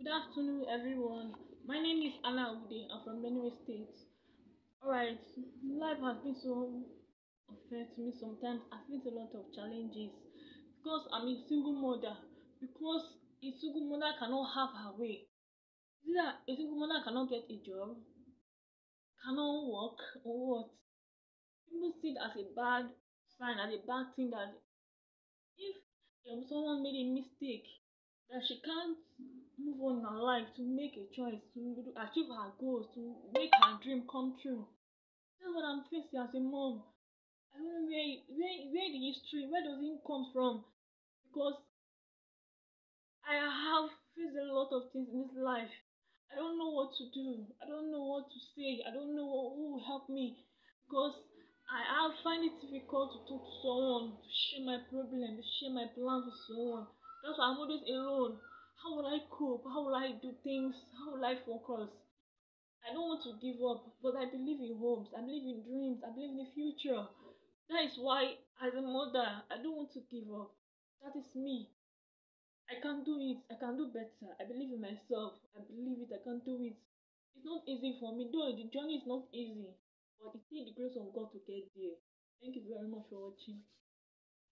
Good afternoon, everyone. My name is Anna Ude. I'm from Benue State. Alright, life has been so unfair to me sometimes. I face a lot of challenges because I'm a single mother. Because a single mother cannot have her way. Either a single mother cannot get a job, cannot work, or what. People see it as a bad sign, as a bad thing that if um, someone made a mistake, that she can't move on in her life to make a choice, to achieve her goals, to make her dream come true. That's what I'm facing as a mom. I don't know where, where, where the history, where does it come from? Because I have faced a lot of things in this life. I don't know what to do. I don't know what to say. I don't know who will help me. Because I, I find it difficult to talk to someone, to share my problem, to share my plans with someone. That's why I'm always alone. How will I cope? How will I do things? How will I focus? I don't want to give up, but I believe in hopes. I believe in dreams. I believe in the future. That is why, as a mother, I don't want to give up. That is me. I can do it. I can do better. I believe in myself. I believe it. I can do it. It's not easy for me, though the journey is not easy, but it takes the grace of God to get there. Thank you very much for watching.